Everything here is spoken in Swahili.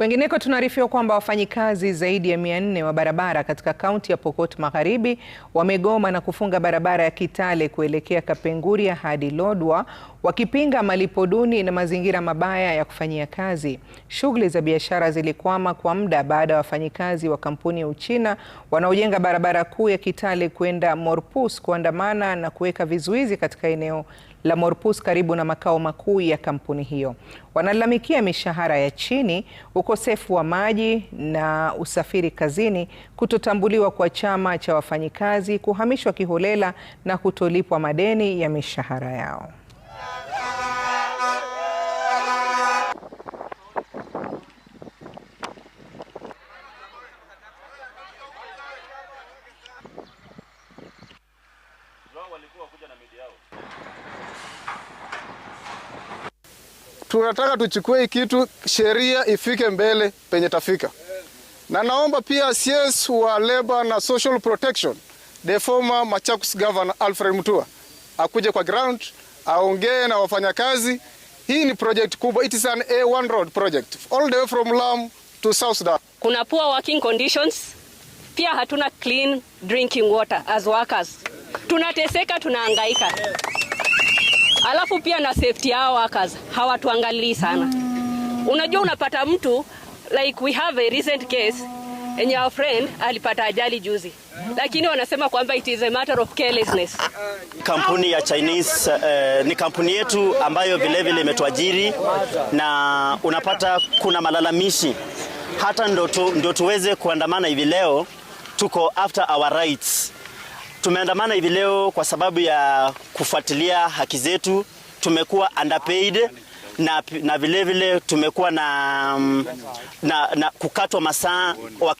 Wengineko tunaarifiwa kwamba wafanyikazi zaidi ya 400 wa barabara katika kaunti ya Pokot Magharibi wamegoma na kufunga barabara ya Kitale kuelekea Kapenguria hadi Lodwar wakipinga malipo duni na mazingira mabaya ya kufanyia kazi. Shughuli za biashara zilikwama kwa muda baada ya wafanyikazi wa kampuni ya Uchina wanaojenga barabara kuu ya Kitale kwenda Morpus kuandamana na kuweka vizuizi katika eneo la Morpus karibu na makao makuu ya kampuni hiyo. Wanalalamikia mishahara ya chini huko ukosefu wa maji na usafiri kazini, kutotambuliwa kwa chama cha wafanyikazi, kuhamishwa kiholela na kutolipwa madeni ya mishahara yao. tunataka tuchukue kitu, sheria ifike mbele penye tafika, na naomba pia CS wa Labor na Social Protection, the former Machakos Governor Alfred Mutua akuje kwa ground aongee na wafanyakazi. Hii ni project kubwa, it is an A1 road project all the way from Lamu to South Sudan. Kuna poor working conditions, pia hatuna clean drinking water as workers, tunateseka, tunahangaika. Alafu pia na safety hao workers hawatuangalii sana. mm. Unajua, unapata mtu like we have a recent case enye our friend alipata ajali juzi, lakini wanasema kwamba it is a matter of carelessness. Kampuni ya Chinese eh, ni kampuni yetu ambayo vilevile imetuajiri na unapata kuna malalamishi hata ndo, tu, ndo tuweze kuandamana hivi leo. Tuko after our rights. Tumeandamana hivi leo kwa sababu ya kufuatilia haki zetu tumekuwa underpaid na, na vilevile tumekuwa na, mm, na, na kukatwa masaa